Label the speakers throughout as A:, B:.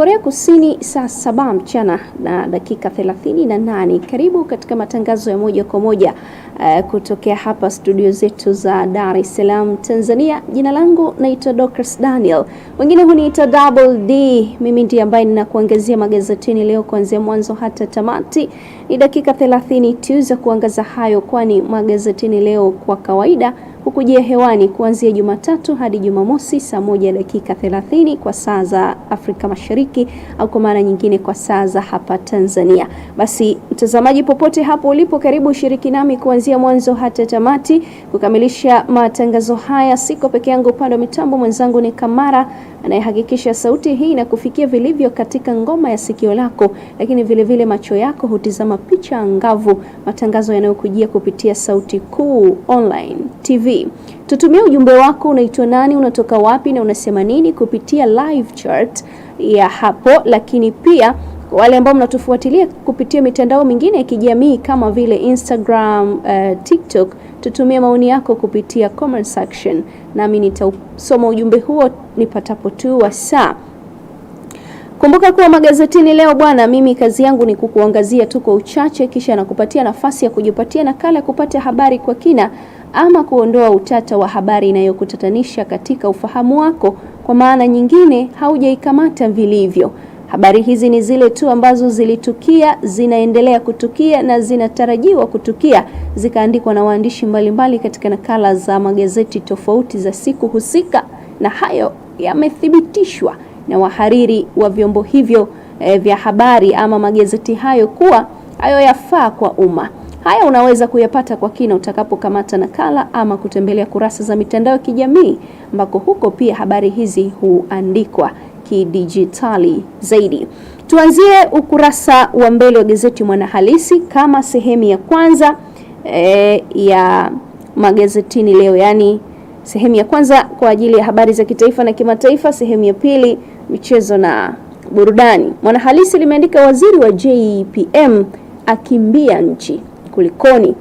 A: Korea Kusini saa saba mchana na dakika 38. Karibu katika matangazo ya moja kwa moja uh, kutokea hapa studio zetu za Dar es Salaam Tanzania. Jina langu naitwa Dorcas Daniel, wengine huniita Double D. Mimi ndiye ambaye ninakuangazia magazetini leo kuanzia mwanzo hata tamati. Ni dakika 30 tu za kuangaza hayo, kwani magazetini leo kwa kawaida hukujia hewani kuanzia Jumatatu hadi Jumamosi saa moja dakika 30 kwa saa za Afrika Mashariki, au kwa maana nyingine kwa saa za hapa Tanzania. Basi mtazamaji, popote hapo ulipo, karibu shiriki nami kuanzia mwanzo hata tamati kukamilisha matangazo haya. Siko peke yangu, upande wa mitambo mwenzangu ni Kamara anayehakikisha sauti hii inakufikia vilivyo katika ngoma ya sikio lako, lakini vilevile vile macho yako hutizama picha angavu, matangazo yanayokujia kupitia Sauti Kuu Online TV. Tutumie ujumbe wako, unaitwa nani, unatoka wapi na unasema nini kupitia live chat ya hapo, lakini pia wale ambao mnatufuatilia kupitia mitandao mingine ya kijamii kama vile Instagram, uh, TikTok, tutumie maoni yako kupitia comment section, nami nitausoma ujumbe huo nipatapo tu wa saa Kumbuka kuwa magazetini leo bwana, mimi kazi yangu ni kukuangazia tu kwa uchache, kisha nakupatia nafasi ya kujipatia nakala ya kupata habari kwa kina ama kuondoa utata wa habari inayokutatanisha katika ufahamu wako. Kwa maana nyingine, haujaikamata vilivyo. Habari hizi ni zile tu ambazo zilitukia, zinaendelea kutukia na zinatarajiwa kutukia, zikaandikwa na waandishi mbalimbali katika nakala za magazeti tofauti za siku husika, na hayo yamethibitishwa na wahariri wa vyombo hivyo e, vya habari ama magazeti hayo kuwa hayo yafaa kwa umma. Haya unaweza kuyapata kwa kina utakapokamata nakala ama kutembelea kurasa za mitandao ya kijamii ambako huko pia habari hizi huandikwa kidijitali zaidi. Tuanzie ukurasa wa mbele wa gazeti Mwanahalisi kama sehemu ya kwanza e, ya magazetini leo, yaani sehemu ya kwanza kwa ajili ya habari za kitaifa na kimataifa, sehemu ya pili michezo na burudani. Mwanahalisi limeandika waziri wa JPM akimbia nchi, kulikoni?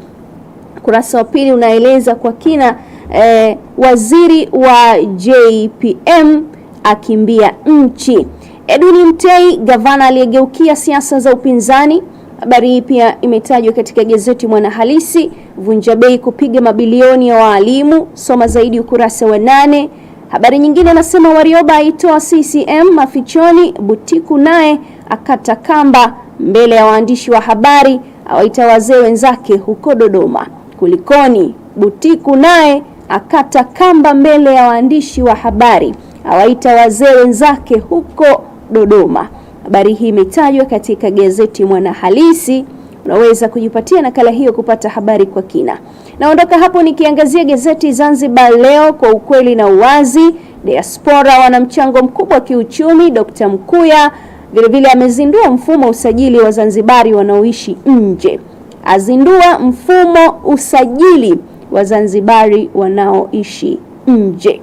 A: Ukurasa wa pili unaeleza kwa kina e, waziri wa JPM akimbia nchi. Edwin Mtei, gavana aliyegeukia siasa za upinzani. Habari hii pia imetajwa katika gazeti Mwanahalisi. Vunja bei kupiga mabilioni ya waalimu, soma zaidi ukurasa wa nane. Habari nyingine anasema Warioba aitoa CCM mafichoni, Butiku naye akata kamba mbele ya waandishi wa habari, awaita wazee wenzake huko Dodoma. Kulikoni? Butiku naye akata kamba mbele ya waandishi wa habari awaita wazee wenzake huko Dodoma. Habari hii imetajwa katika gazeti Mwanahalisi. Unaweza kujipatia nakala hiyo kupata habari kwa kina. Naondoka hapo nikiangazia gazeti Zanzibar Leo kwa ukweli na uwazi. Diaspora wana mchango mkubwa wa kiuchumi, Dr. Mkuya vilevile amezindua mfumo usajili wa Zanzibari wanaoishi nje. Azindua mfumo usajili wa Zanzibari wanaoishi nje.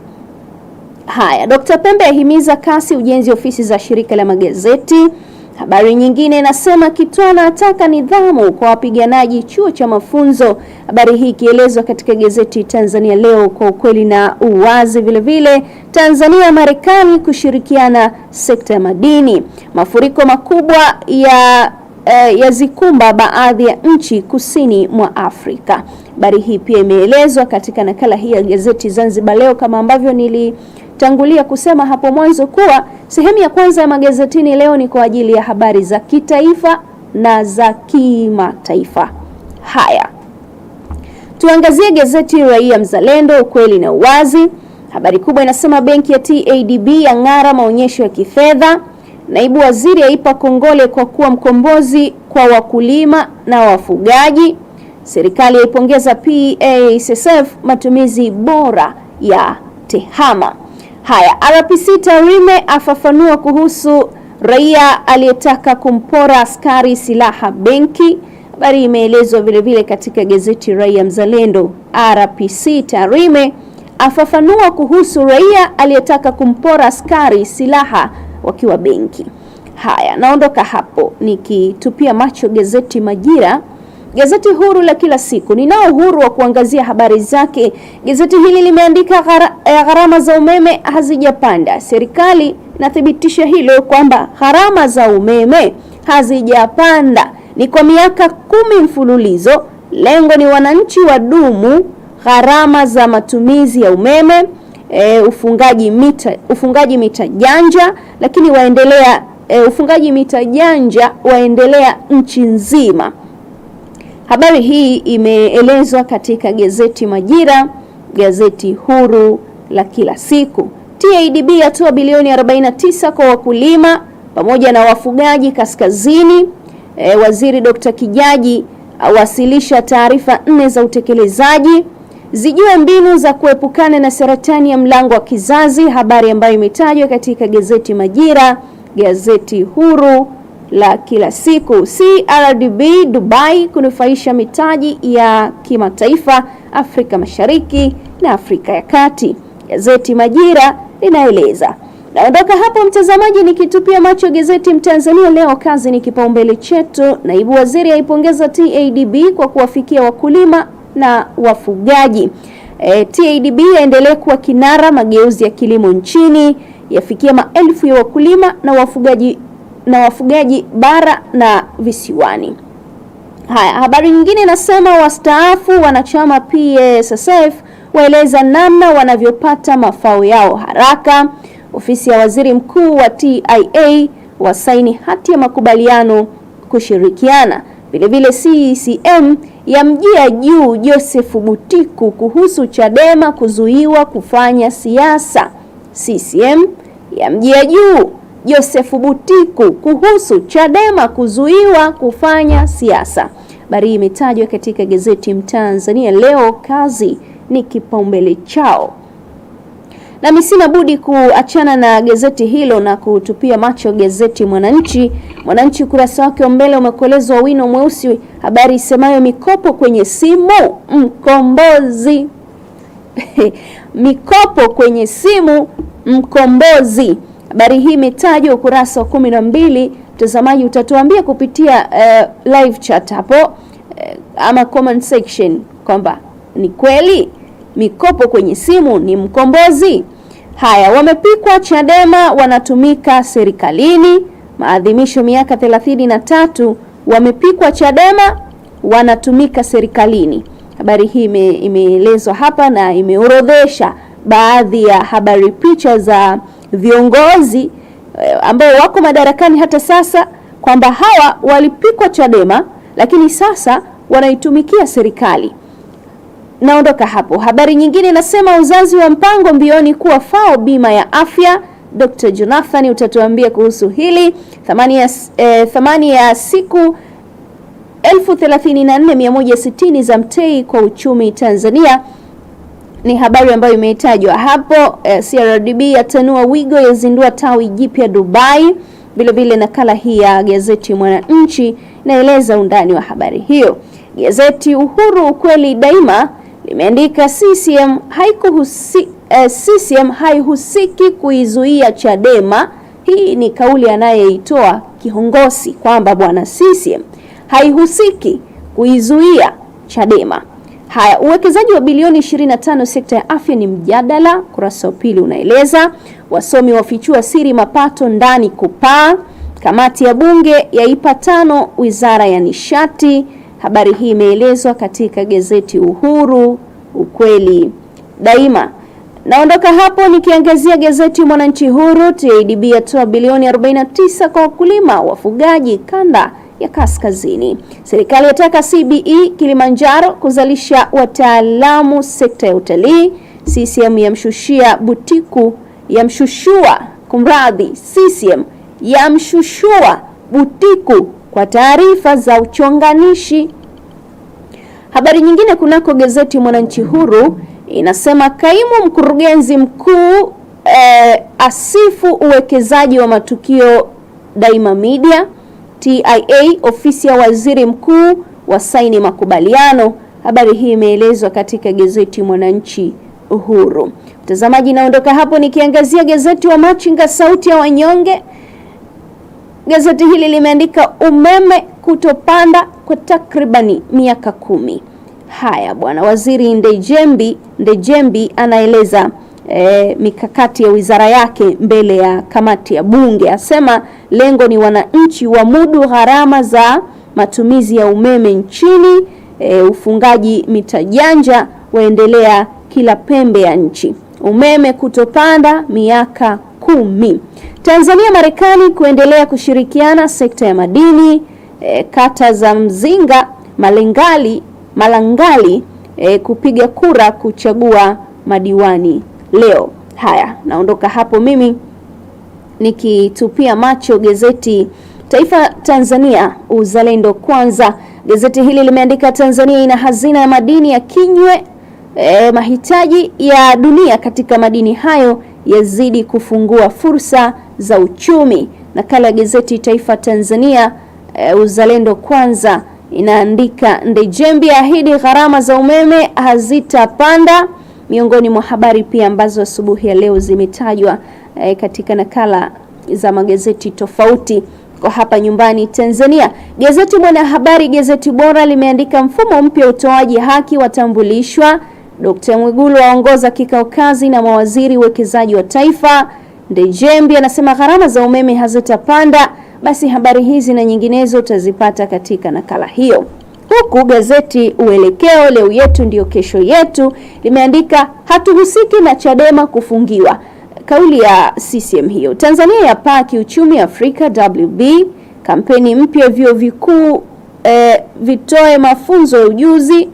A: Haya, Dkt. Pembe ahimiza kasi ujenzi ofisi za shirika la magazeti. Habari nyingine inasema Kitwana ataka nidhamu kwa wapiganaji chuo cha mafunzo. Habari hii ikielezwa katika gazeti Tanzania Leo kwa ukweli na uwazi. Vile vile Tanzania Marekani kushirikiana sekta ya madini. Mafuriko makubwa ya eh, yazikumba baadhi ya nchi kusini mwa Afrika. Habari hii pia imeelezwa katika nakala hii ya gazeti Zanzibar Leo kama ambavyo nilitangulia kusema hapo mwanzo kuwa sehemu ya kwanza ya magazetini leo ni kwa ajili ya habari za kitaifa na za kimataifa. Haya, tuangazie gazeti Raia Mzalendo, ukweli na uwazi. Habari kubwa inasema benki ya TADB ya ngara maonyesho ya kifedha. Naibu waziri aipa kongole kwa kuwa mkombozi kwa wakulima na wafugaji. Serikali yaipongeza PASSF matumizi bora ya tehama. Haya, RPC Tarime afafanua kuhusu raia aliyetaka kumpora askari silaha benki. Habari imeelezwa vilevile katika gazeti Raia Mzalendo. RPC Tarime afafanua kuhusu raia aliyetaka kumpora askari silaha wakiwa benki. Haya, naondoka hapo nikitupia macho gazeti Majira. Gazeti huru la kila siku, ninao uhuru wa kuangazia habari zake. Gazeti hili limeandika eh, gharama za umeme hazijapanda, serikali nathibitisha hilo kwamba gharama za umeme hazijapanda ni kwa miaka kumi mfululizo. Lengo ni wananchi wadumu gharama za matumizi ya umeme e, ufungaji mita ufungaji mita janja lakini waendelea e, ufungaji mita janja waendelea nchi nzima. Habari hii imeelezwa katika gazeti Majira, gazeti huru la kila siku. TADB yatoa bilioni 49 kwa wakulima pamoja na wafugaji kaskazini. E, Waziri Dr. Kijaji awasilisha taarifa nne za utekelezaji. Zijue mbinu za kuepukana na saratani ya mlango wa kizazi, habari ambayo imetajwa katika gazeti Majira, gazeti huru la kila siku. CRDB Dubai kunufaisha mitaji ya kimataifa Afrika Mashariki na Afrika ya Kati. Gazeti Majira linaeleza. Naondoka hapo mtazamaji, nikitupia macho gazeti Mtanzania leo, kazi ni kipaumbele chetu. Naibu waziri aipongeza TADB kwa kuwafikia wakulima na wafugaji. E, TADB yaendelee kuwa kinara mageuzi ya kilimo nchini, yafikia maelfu ya wakulima na wafugaji na wafugaji bara na visiwani. Haya, habari nyingine inasema wastaafu wanachama PSSF waeleza namna wanavyopata mafao yao haraka. Ofisi ya waziri mkuu wa TIA wasaini hati ya makubaliano kushirikiana. Vilevile CCM e ya ya juu Joseph Butiku kuhusu Chadema kuzuiwa kufanya siasa. CCM e ya ya juu Josefu Butiku kuhusu Chadema kuzuiwa kufanya siasa. Habari hii imetajwa katika gazeti Mtanzania leo, kazi ni kipaumbele chao. Nami misina budi kuachana na gazeti hilo na kutupia macho gazeti Mwananchi. Mwananchi ukurasa wake wa mbele umekolezwa wino mweusi, habari isemayo mikopo kwenye simu mkombozi mikopo kwenye simu mkombozi. Habari hii imetajwa ukurasa wa kumi na mbili. Mtazamaji utatuambia kupitia uh, live chat hapo uh, ama comment section kwamba ni kweli mikopo kwenye simu ni mkombozi. Haya, wamepikwa Chadema wanatumika serikalini. Maadhimisho miaka thelathini na tatu, wamepikwa Chadema wanatumika serikalini. Habari hii imeelezwa hapa na imeorodhesha baadhi ya habari, picha za viongozi eh, ambao wako madarakani hata sasa kwamba hawa walipikwa Chadema lakini sasa wanaitumikia serikali. Naondoka hapo. Habari nyingine inasema uzazi wa mpango mbioni kuwa FAO bima ya afya. Dr. Jonathan utatuambia kuhusu hili. Thamani ya, eh, thamani ya siku 1034160 za mtei kwa uchumi Tanzania ni habari ambayo imetajwa hapo. Eh, CRDB yatanua wigo, yazindua tawi jipya Dubai. Vilevile nakala hii ya gazeti Mwananchi inaeleza undani wa habari hiyo. Gazeti Uhuru ukweli daima limeandika CCM haikuhusi, eh, CCM haihusiki kuizuia Chadema. Hii ni kauli anayeitoa kiongozi kwamba bwana CCM haihusiki kuizuia Chadema. Haya, uwekezaji wa bilioni 25 sekta ya afya ni mjadala. Kurasa wa pili unaeleza wasomi wafichua siri mapato ndani kupaa. Kamati ya bunge yaipa tano wizara ya nishati. Habari hii imeelezwa katika gazeti Uhuru, ukweli daima. Naondoka hapo nikiangazia gazeti Mwananchi Huru. TADB yatoa bilioni 49 kwa wakulima wafugaji kanda ya Kaskazini. Serikali yataka CBE Kilimanjaro kuzalisha wataalamu sekta ya utalii. CCM yamshushia Butiku yamshushua kumradhi, CCM yamshushua Butiku kwa taarifa za uchonganishi. Habari nyingine kunako gazeti Mwananchi Huru inasema kaimu mkurugenzi mkuu eh, asifu uwekezaji wa matukio Daima Media. TIA ofisi ya waziri mkuu wasaini makubaliano. Habari hii imeelezwa katika gazeti Mwananchi Uhuru. Mtazamaji, naondoka hapo nikiangazia gazeti wa Machinga sauti ya wanyonge. Gazeti hili limeandika umeme kutopanda kwa takribani miaka kumi. Haya bwana, waziri Ndejembi Ndejembi anaeleza E, mikakati ya wizara yake mbele ya kamati ya Bunge, asema lengo ni wananchi wamudu gharama za matumizi ya umeme nchini. E, ufungaji mita janja waendelea kila pembe ya nchi, umeme kutopanda miaka kumi. Tanzania Marekani kuendelea kushirikiana sekta ya madini. E, kata za Mzinga Malengali, Malangali e, kupiga kura kuchagua madiwani leo. Haya, naondoka hapo mimi nikitupia macho gazeti Taifa Tanzania Uzalendo Kwanza. Gazeti hili limeandika Tanzania ina hazina ya madini ya kinywe eh, mahitaji ya dunia katika madini hayo yazidi kufungua fursa za uchumi. Nakala ya gazeti Taifa Tanzania eh, Uzalendo Kwanza inaandika Ndejembi ahidi gharama za umeme hazitapanda. Miongoni mwa habari pia ambazo asubuhi ya leo zimetajwa e, katika nakala za magazeti tofauti kwa hapa nyumbani Tanzania, gazeti Mwanahabari, gazeti bora limeandika mfumo mpya utoaji haki watambulishwa. Dkt. Mwigulu aongoza kikao kazi na mawaziri uwekezaji wa taifa. Ndejembi anasema gharama za umeme hazitapanda. Basi habari hizi na nyinginezo utazipata katika nakala hiyo. Huku gazeti Uelekeo, leo yetu ndiyo kesho yetu, limeandika hatuhusiki na Chadema kufungiwa, kauli ya CCM hiyo. Tanzania ya paa kiuchumi Afrika WB, kampeni mpya vyuo vikuu eh, vitoe mafunzo ya ujuzi,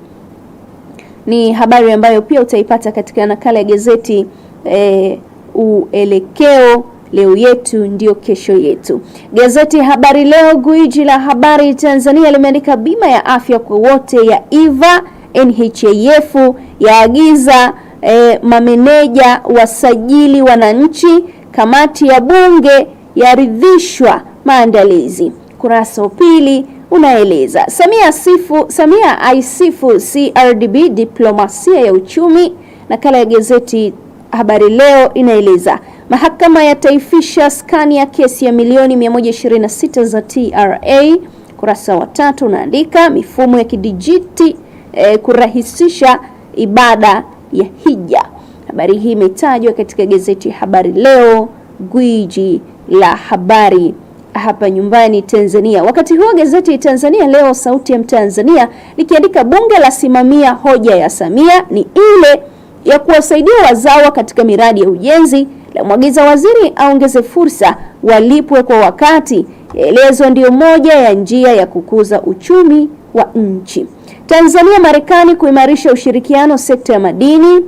A: ni habari ambayo pia utaipata katika nakala ya gazeti eh, Uelekeo leo yetu ndio kesho yetu. Gazeti Habari Leo, gwiji la habari Tanzania, limeandika bima ya afya kwa wote ya IVA NHIF yaagiza e, mameneja wasajili wananchi, kamati ya bunge yaridhishwa maandalizi. Kurasa wa pili unaeleza Samia sifu, Samia aisifu CRDB diplomasia ya uchumi. Nakala ya gazeti Habari Leo inaeleza Mahakama yataifisha skani ya kesi ya milioni 126 za TRA. Kurasa wa tatu unaandika mifumo ya kidijiti e, kurahisisha ibada ya hija. Habari hii imetajwa katika gazeti ya Habari Leo, gwiji la habari hapa nyumbani Tanzania. Wakati huo gazeti Tanzania Leo, sauti ya Mtanzania, likiandika bunge la simamia hoja ya Samia ni ile ya kuwasaidia wazawa katika miradi ya ujenzi lamwagiza waziri aongeze fursa walipwe kwa wakati. Yaelezwa ndio moja ya njia ya kukuza uchumi wa nchi. Tanzania Marekani kuimarisha ushirikiano sekta ya madini.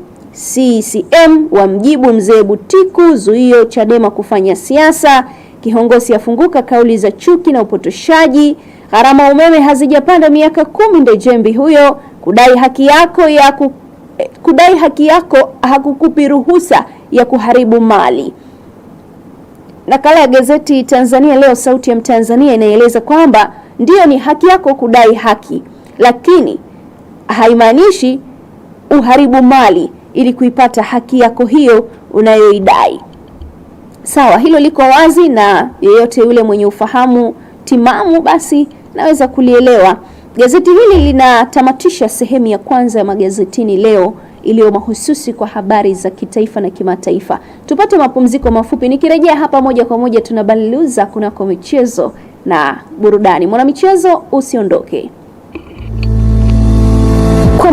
A: CCM wamjibu mzee Butiku zuio Chadema kufanya siasa. Kihongosi afunguka kauli za chuki na upotoshaji. Gharama umeme hazijapanda miaka kumi. Ndejembi huyo kudai haki yako ya ku, eh, kudai haki yako hakukupi ruhusa ya kuharibu mali. Nakala ya gazeti Tanzania Leo sauti ya Mtanzania inaeleza kwamba ndiyo, ni haki yako kudai haki, lakini haimaanishi uharibu mali ili kuipata haki yako hiyo unayoidai. Sawa, hilo liko wazi na yeyote yule mwenye ufahamu timamu basi naweza kulielewa. Gazeti hili linatamatisha sehemu ya kwanza ya magazetini leo iliyo mahususi kwa habari za kitaifa na kimataifa. Tupate mapumziko mafupi, nikirejea hapa moja kwa moja tunabaliluza kunako michezo na burudani. Mwanamichezo, usiondoke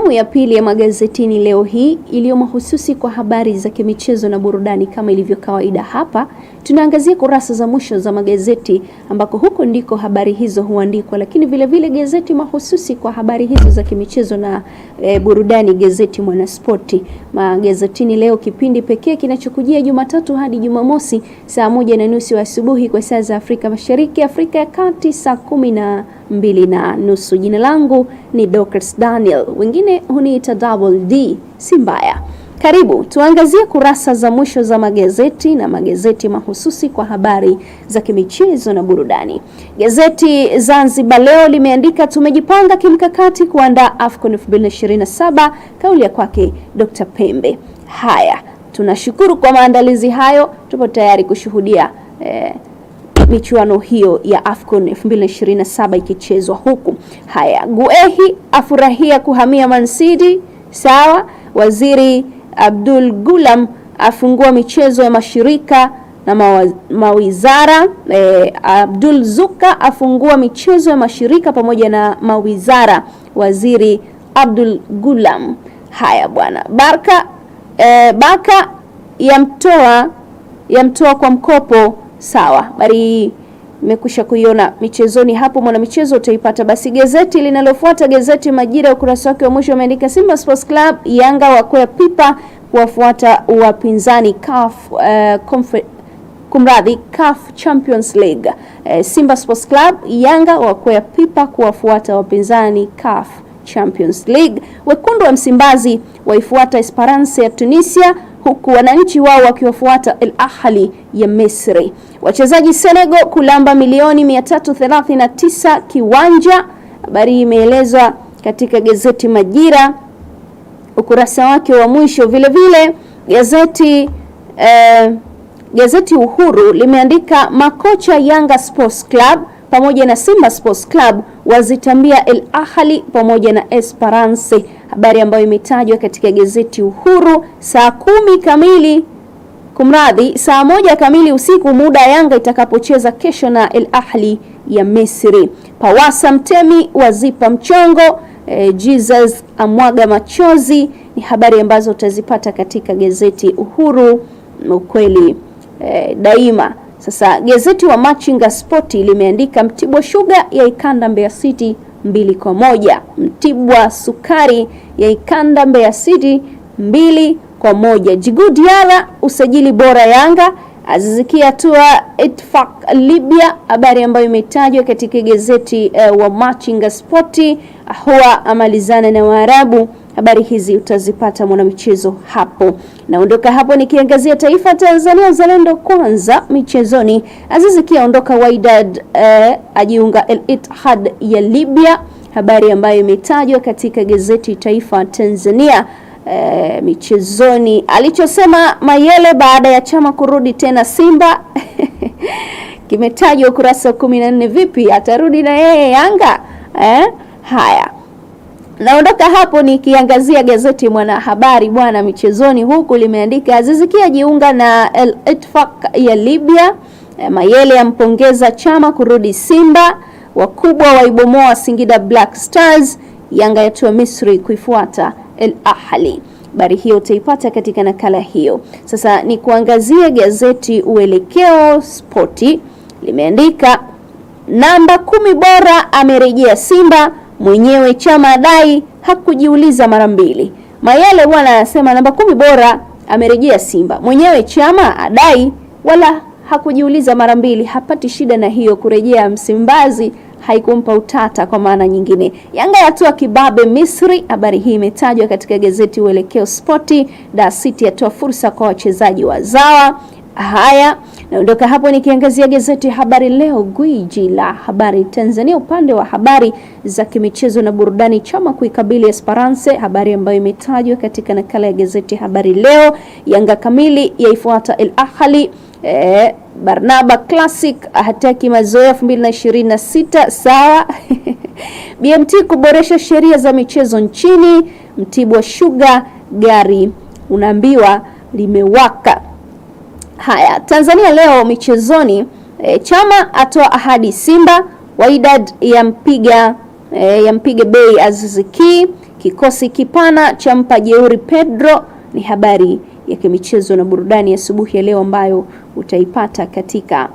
A: Sehemu ya pili ya magazetini leo hii iliyo mahususi kwa habari za kimichezo na burudani kama ilivyo kawaida hapa, tunaangazia kurasa za mwisho za magazeti ambako huko ndiko habari hizo huandikwa, lakini vile vile gazeti mahususi kwa habari hizo za kimichezo na e, burudani, gazeti Mwanaspoti. Magazetini leo kipindi pekee kinachokujia Jumatatu hadi Jumamosi saa moja na nusu asubuhi kwa saa za Afrika Mashariki, Afrika ya Kati saa kumi na mbili na nusu. Jina langu ni Dorcas Daniel, wengine wengine huniita double D, si mbaya. Karibu tuangazie kurasa za mwisho za magazeti na magazeti mahususi kwa habari za kimichezo na burudani. Gazeti Zanzibar Leo limeandika tumejipanga kimkakati kuandaa AFCON 2027, kauli ya kwake Dr. Pembe. Haya, tunashukuru kwa maandalizi hayo, tupo tayari kushuhudia eh, michuano hiyo ya AFCON 2027 ikichezwa huku. Haya, Guehi afurahia kuhamia Man City, sawa. Waziri Abdul Gulam afungua michezo ya mashirika na mawizara. E, Abdul Zuka afungua michezo ya mashirika pamoja na mawizara, Waziri Abdul Gulam. Haya bwana Barka, e, eh, Baka yamtoa yamtoa kwa mkopo Sawa, bari mekusha kuiona michezoni hapo, mwana michezo utaipata. Basi gazeti linalofuata gazeti Majira, ukurasa wake wa mwisho umeandika Simba Sports Club, Yanga wakwea pipa kuwafuata wapinzani CAF, uh, kumradhi CAF Champions League. Uh, Simba Sports Club, Yanga wakwea pipa kuwafuata wapinzani CAF Champions League. Wekundu wa Msimbazi waifuata Esperance ya Tunisia huku wananchi wao wakiwafuata Al Ahli ya Misri. Wachezaji Senegal kulamba milioni 339 kiwanja. Habari hii imeelezwa katika gazeti Majira ukurasa wake wa mwisho. Vile vile gazeti eh, gazeti Uhuru limeandika makocha Yanga Sports Club pamoja na Simba Sports Club wazitambia El Ahli pamoja na Esperance habari ambayo imetajwa katika gazeti Uhuru saa kumi kamili kumradhi, saa moja kamili usiku, muda Yanga itakapocheza kesho na El Ahli ya Misri. Pawasa Mtemi wazipa mchongo. eh, Jesus amwaga machozi ni habari ambazo utazipata katika gazeti Uhuru ukweli eh, daima. Sasa gazeti wa Machinga Spoti limeandika Mtibwa Sugar ya ikanda Mbeya City mbili kwa moja. Mtibwa Sukari ya ikanda Mbeya City mbili kwa moja. Djigui Diarra usajili bora Yanga azizikia tua Itfak Libya, habari ambayo imetajwa katika gazeti uh, wa Machinga Sporti. huwa amalizana na Waarabu Habari hizi utazipata mwanamichezo hapo. Naondoka hapo nikiangazia Taifa Tanzania, uzalendo kwanza. Michezoni, Azizi kiaondoka Wydad eh, ajiunga Al Ittihad ya Libya, habari ambayo imetajwa katika gazeti Taifa Tanzania. Eh, michezoni, alichosema Mayele baada ya chama kurudi tena Simba kimetajwa ukurasa wa 14. Vipi atarudi na yeye Yanga eh? Haya Naondoka hapo nikiangazia gazeti Mwanahabari bwana michezoni, huku limeandika Aziz jiunga ajiunga na El Etfak ya Libya, eh, Mayele yampongeza Chama kurudi Simba, wakubwa waibomoa Singida Black Stars, Yanga yatua Misri kuifuata El Ahli. Habari hiyo utaipata katika nakala hiyo. Sasa ni kuangazia gazeti Uelekeo Spoti, limeandika namba kumi bora amerejea Simba Mwenyewe Chama adai hakujiuliza mara mbili. Mayele bwana anasema namba kumi bora amerejea Simba. Mwenyewe Chama adai wala hakujiuliza mara mbili, hapati shida na hiyo kurejea Msimbazi haikumpa utata. Kwa maana nyingine, Yanga yatua kibabe Misri. Habari hii imetajwa katika gazeti Uelekeo Spoti. Da City yatoa fursa kwa wachezaji wazawa. Haya, Naondoka hapo nikiangazia gazeti Habari Leo, gwiji la habari Tanzania. Upande wa habari za kimichezo na burudani, chama kuikabili Esperance, habari ambayo imetajwa katika nakala ya gazeti Habari Leo. Yanga kamili yaifuata El ahli Eh, Barnaba Classic hataki mazoea 2026 sawa. BMT kuboresha sheria za michezo nchini. Mtibwa Sugar gari unaambiwa limewaka. Haya, Tanzania leo michezoni. E, Chama atoa ahadi Simba. Wydad yampiga e, yampiga bei Aziziki. Kikosi kipana champa jeuri Pedro. Ni habari ya kimichezo na burudani asubuhi ya leo ambayo utaipata katika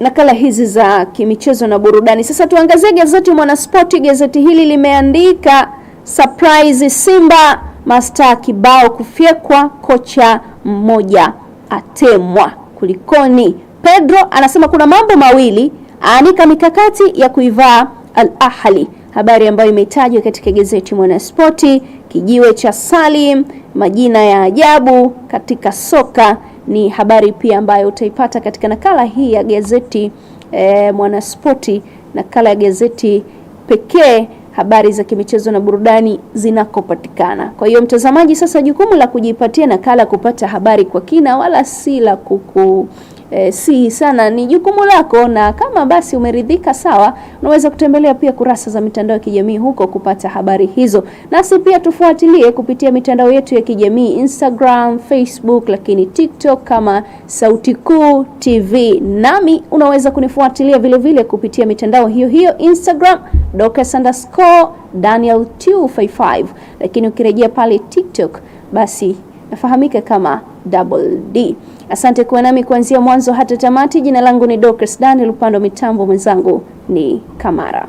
A: nakala hizi za kimichezo na burudani. Sasa tuangazie gazeti Mwanaspoti. Gazeti hili limeandika surprise Simba, mastaa kibao kufyekwa kocha mmoja atemwa. Kulikoni? Pedro anasema kuna mambo mawili, aanika mikakati ya kuivaa Al Ahli, habari ambayo imetajwa katika gazeti Mwanaspoti. Kijiwe cha Salim, majina ya ajabu katika soka ni habari pia ambayo utaipata katika nakala hii ya gazeti eh, Mwanaspoti, nakala ya gazeti pekee habari za kimichezo na burudani zinakopatikana. Kwa hiyo mtazamaji, sasa jukumu la kujipatia nakala, kupata habari kwa kina, wala si la kuku E, si sana ni jukumu lako, na kama basi umeridhika sawa, unaweza kutembelea pia kurasa za mitandao ya kijamii huko kupata habari hizo, nasi pia tufuatilie kupitia mitandao yetu ya kijamii Instagram, Facebook, lakini TikTok kama Sauti Kuu TV. Nami unaweza kunifuatilia vile vile kupitia mitandao hiyo hiyo Instagram Dorcas underscore Daniel 255, lakini ukirejea pale TikTok basi nafahamika kama Double D. Asante kuwa nami kuanzia mwanzo hata tamati. Jina langu ni Dorcas Daniel, upande wa mitambo mwenzangu ni Kamara.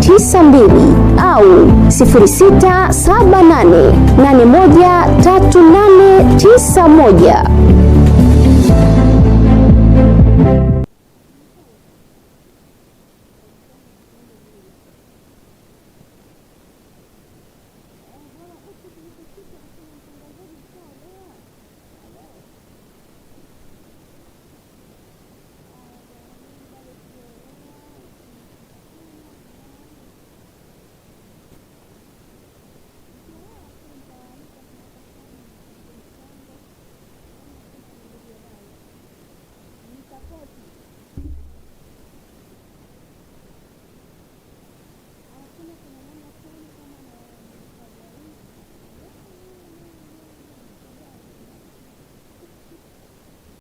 B: 92 au 0678813891.